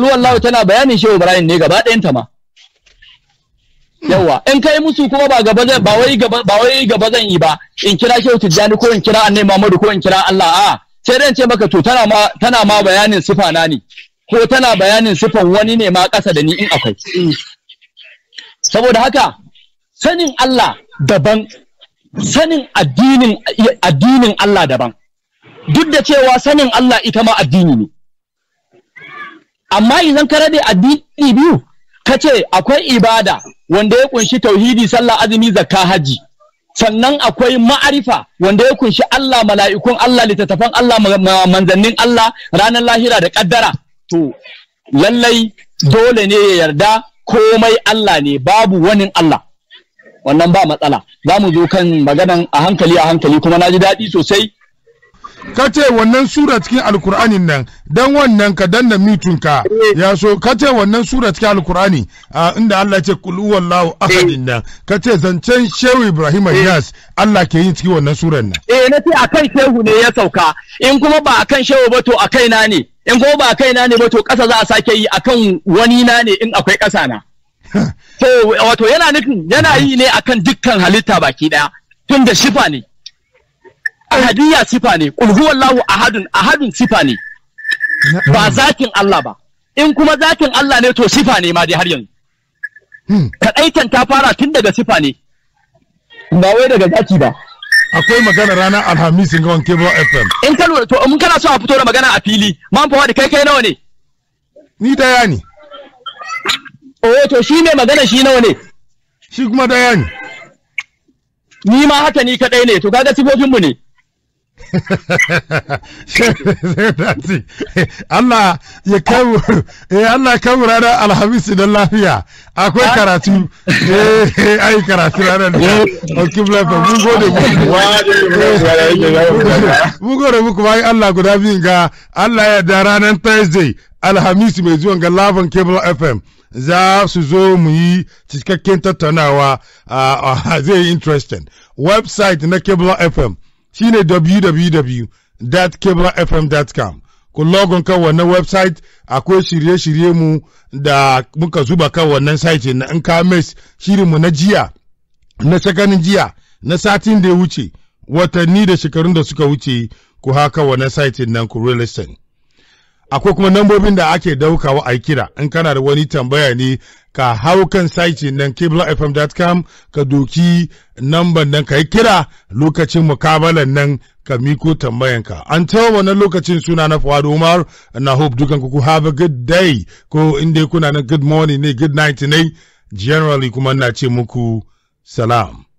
kulwallahu tana bayanin shehu ibrahim ne gaba ta ma yawa in kai musu kuma ba gaba zan ba wai gaba zan yi ba in kira shehu tijjani ko in kira annabi muhammadu ko in kira allah a sai dan ce maka to tana ma tana ma bayanin sifa na ne ko tana bayanin sifan wani ne ma ƙasa da ni in akwai saboda haka sanin Allah daban sanin addinin addinin Allah daban duk da cewa sanin Allah ita ma addini ne amma idan ka rade addini biyu ka ce akwai ibada wanda ya kunshi tauhidi sallah azumi zakka haji sannan akwai ma'arifa wanda ya kunshi Allah mala'ikun Allah littattafan Allah manzannin Allah ranar lahira da kaddara to lallai dole ne ya yarda komai Allah ne babu wani Allah wannan ba matsala za mu zo kan maganan a hankali a hankali kuma na ji daɗi sosai ka ce wannan sura cikin alkur'anin nan dan wannan ka danna mitunka ya so ka ce wannan sura cikin alkur'ani inda Allah ce kul huwallahu ahadin nan ka ce zancen shehu ibrahim eh. yas Allah ke yin cikin wannan suran nan eh na ce akan shehu ne ya sauka in kuma ba akan shehu ba to a kaina ne in kuma ba a kaina ne ba to ƙasa za a sake yi akan wani na ne in akwai ƙasa na to wato yana nufin yana yi ne akan dukkan halitta baki ɗaya tun da shifa ne ahadiyya sifa ne qul huwallahu ahadun ahadun sifa ne ba zakin Allah ba in kuma zakin Allah ne to sifa ne ma dai har yanzu hmm. kadaitan ta fara tun daga sifa ne ba wai daga zaki ba akwai magana ranar alhamis ga wanke kebo fm in ka to mun kana so a fito da magana a fili man fa da kai kai nawa ne ni daya ne oh to shi mai magana shi nawa ne shi kuma daya ne ni ma haka ni kadai ne to kaga sifofinmu ne Allah ya kawo eh Allah kawo ranar alhamis don lafiya akwai ah. karatu eh ai karatu ranar da eh. okim lafa mun gode muku mun gode kuma bayan Allah guda biyun ga Allah ya da ranar Thursday alhamis mai zuwan ga Laban Cable FM za su zo mu yi cikakken tattaunawa ah, ah, zai yi interesting website na Cable FM shine www.kebrafm.com ku logon kan wannan website akwai shirye-shirye mu da muka zuba kan wannan site na in ka mes shirinmu na jiya na tsakanin jiya na satin da ya wuce watanni da shekarun da suka wuce ku haka wannan site nan ku real estate akwai kuma nambobin da ake daukawa a kira in kana da wani tambaya ne ka hau kan saiti nan kiblafm.com ka doki namban nan ka yi kira lokacin mukabalan nan ka miko tambayanka an tawa wannan lokacin suna na Fuad Umar na hope dukan ku have a good day ko inda kuna na good morning ne good night ne generally kuma na ce muku salam